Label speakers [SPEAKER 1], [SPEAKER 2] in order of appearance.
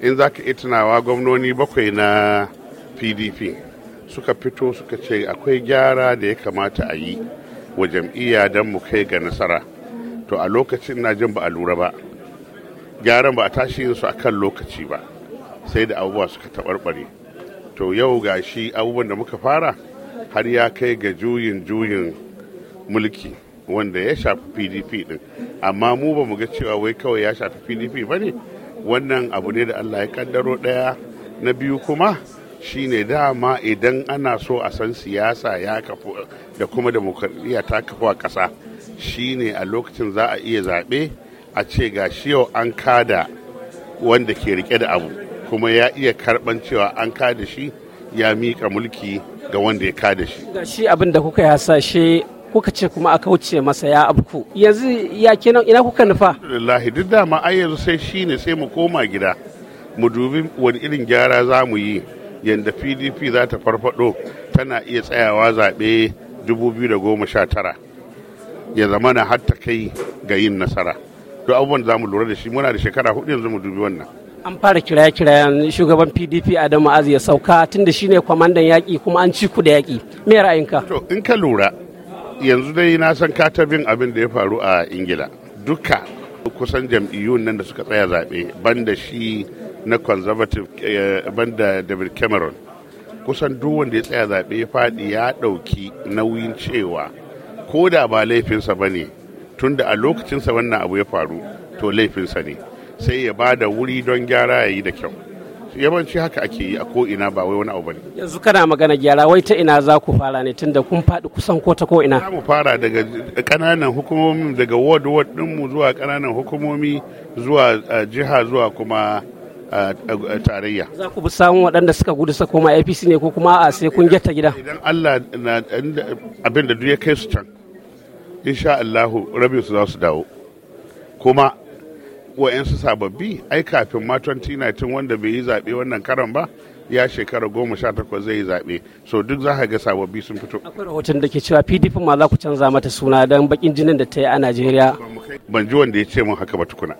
[SPEAKER 1] in za ka iya tunawa gwamnoni bakwai na pdp suka fito suka ce akwai gyara da ya kamata a yi wa jam'iyya don mu kai ga nasara to a lokacin na jin ba a lura ba gyaran ba a tashi yin su a kan lokaci ba sai da abubuwa suka taɓarɓare to yau ga shi abubuwan da muka fara har ya kai ga juyin juyin mulki wanda ya shafi pdp din amma mu ba mu ga cewa wai kawai ya shafi pdp ba ne wannan abu ne da allah ya kaddaro ɗaya na biyu kuma shine dama idan ana so a san siyasa ya kafu da kuma demokradiyya ta kafu a ƙasa shine a lokacin za a iya zaɓe a ce ga shi yau an kada wanda ke rike da abu kuma ya iya karɓan cewa an kada shi ya miƙa mulki ga wanda ya kada shi.
[SPEAKER 2] Ga shi abin da kuka hasashe kuka ce kuma aka wuce masa ya abku yanzu ya kenan ina kuka nufa lahi duk dama ai yanzu sai shine sai mu koma gida
[SPEAKER 1] mu dubi wani irin gyara za mu yi yadda pdp za ta farfado tana iya tsayawa zaɓe 2019 ya zama na hatta kai ga yin nasara duk abubuwan za mu lura da shi muna da shekara hudu yanzu mu dubi wannan
[SPEAKER 2] an fara kiraye-kirayen shugaban pdp adamu aziz ya sauka tun da shine kwamandan yaƙi kuma an ci ku da yaƙi me ra'ayinka to in ka lura
[SPEAKER 1] yanzu dai na san katabin abin da ya faru a ingila duka kusan jam'iyyun nan da suka tsaya zaɓe banda shi na conservative eh, banda david cameron kusan duk wanda ya tsaya zaɓe ya faɗi ya ɗauki nauyin cewa ko da ba laifinsa ba ne tun da a lokacinsa wannan abu ya faru to laifinsa ne sai ya ba da wuri don gyara ya yi da kyau yawanci haka ake yi a ko ina ba wai wani abu bane
[SPEAKER 2] yanzu kana magana gyara wai ta
[SPEAKER 1] ina za ku fara ne tunda kun faɗi kusan ko ta ko ina za mu fara daga ƙananan hukumomi daga ward ward mu zuwa ƙananan hukumomi zuwa eh, jiha zuwa kuma eh, eh, tarayya
[SPEAKER 2] za ku bi samun waɗanda suka gudu sa koma apc ne ko kuma a ah, sai kun ta gida
[SPEAKER 1] idan allah na abin da duk ya kai su can insha allahu rabin su za su dawo kuma wa'yansu sababbi ai kafin ma 2019 wanda bai yi zaɓe wannan karan ba ya shekara goma sha takwas zai yi zaɓe so duk za ka ga sababbi sun fito akwai rahoton da ke
[SPEAKER 2] cewa pdp ma za ku canza mata suna don bakin jinin da ta yi a najeriya
[SPEAKER 1] ban ji wanda ya ce mun haka ba tukuna